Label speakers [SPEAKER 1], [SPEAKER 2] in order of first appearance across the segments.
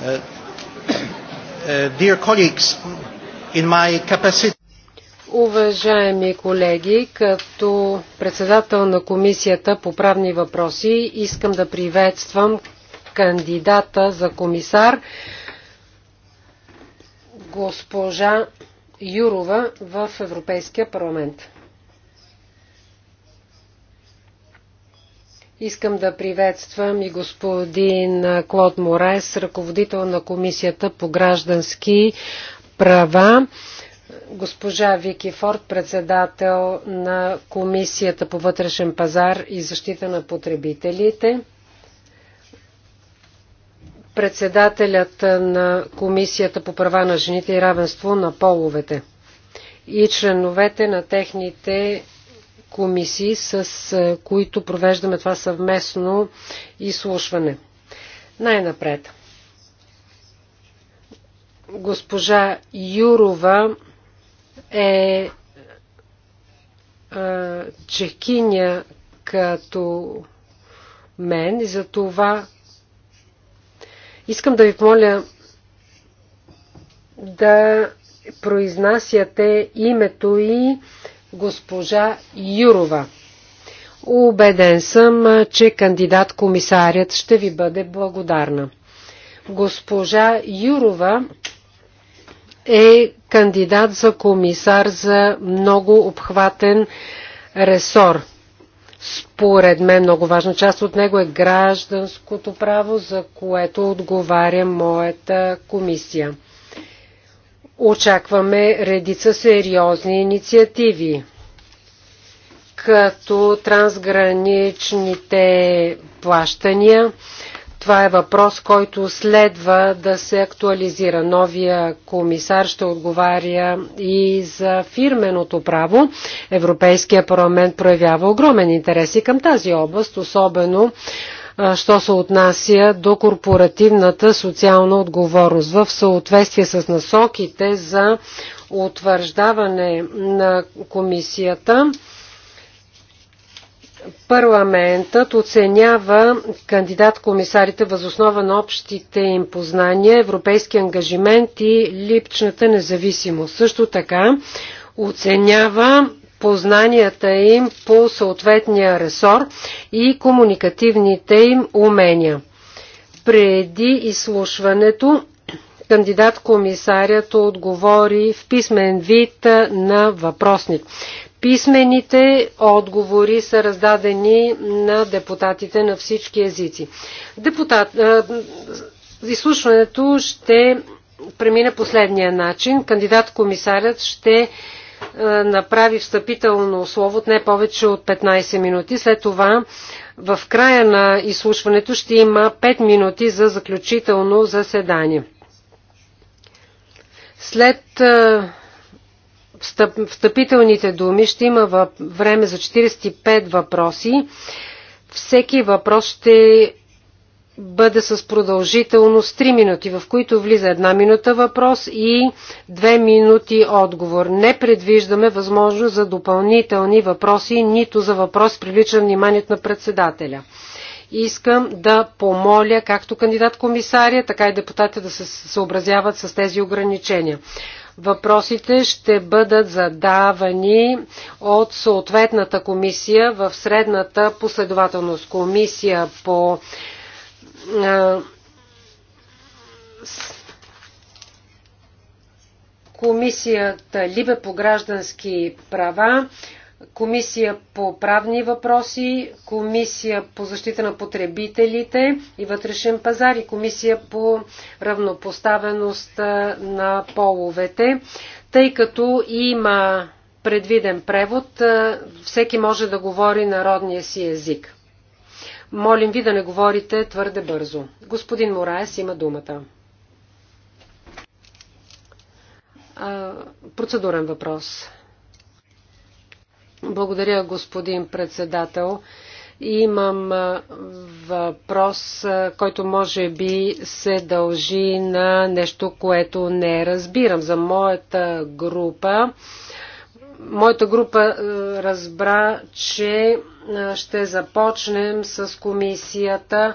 [SPEAKER 1] Uh, uh, dear colleagues, in my capacity... Уважаеми колеги, като председател на Комисията по правни въпроси, искам да приветствам кандидата за комисар госпожа Юрова в Европейския парламент. Искам да приветствам и господин Клод Морес, ръководител на Комисията по граждански права, госпожа Вики Форд, председател на Комисията по вътрешен пазар и защита на потребителите, председателят на Комисията по права на жените и равенство на половете и членовете на техните комисии, с е, които провеждаме това съвместно изслушване. Най-напред. Госпожа Юрова е, е чекиня като мен и за това искам да ви помоля да произнасяте името и госпожа Юрова. Убеден съм, че кандидат комисарят ще ви бъде благодарна. Госпожа Юрова е кандидат за комисар за много обхватен ресор. Според мен много важна част от него е гражданското право, за което отговаря моята комисия. Очакваме редица сериозни инициативи, като трансграничните плащания. Това е въпрос, който следва да се актуализира. Новия комисар ще отговаря и за фирменото право. Европейския парламент проявява огромен интерес и към тази област, особено що се отнася до корпоративната социална отговорност. В съответствие с насоките за утвърждаване на комисията, парламентът оценява кандидат-комисарите възоснова на общите им познания, европейски ангажимент и липчната независимост. Също така оценява познанията им по съответния ресор и комуникативните им умения. Преди изслушването кандидат комисарят отговори в писмен вид на въпросник. Писмените отговори са раздадени на депутатите на всички езици. Депутат, изслушването ще премине последния начин. Кандидат комисарят ще е, направи встъпително слово от не повече от 15 минути. След това в края на изслушването ще има 5 минути за заключително заседание. След е, встъпителните думи ще има време за 45 въпроси. Всеки въпрос ще бъде с продължителност 3 минути, в които влиза една минута въпрос и 2 минути отговор. Не предвиждаме възможност за допълнителни въпроси, нито за въпрос привлича вниманието на председателя. Искам да помоля както кандидат комисария, така и депутатите да се съобразяват с тези ограничения. Въпросите ще бъдат задавани от съответната комисия в средната последователност. Комисия по Комисията Либе по граждански права, Комисия по правни въпроси, Комисия по защита на потребителите и вътрешен пазар и Комисия по равнопоставеност на половете. Тъй като има предвиден превод, всеки може да говори народния си език. Молим ви да не говорите твърде бързо. Господин Мораес има думата. А, процедурен въпрос. Благодаря, господин председател. Имам въпрос, който може би се дължи на нещо, което не разбирам. За моята група моята група е, разбра, че е, ще започнем с комисията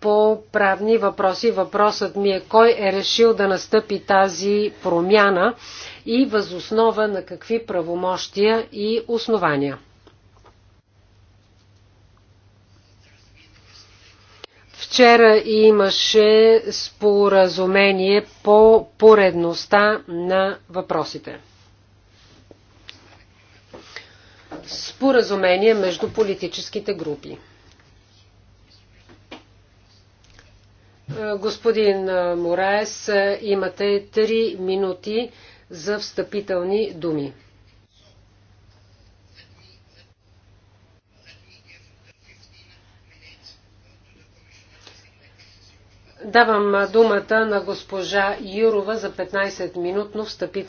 [SPEAKER 1] по правни въпроси. Въпросът ми е кой е решил да настъпи тази промяна и възоснова на какви правомощия и основания. Вчера имаше споразумение по поредността на въпросите. споразумение между политическите групи. Е, господин Мораес, имате 3 минути за встъпителни думи. Давам думата на госпожа Юрова за 15-минутно встъпително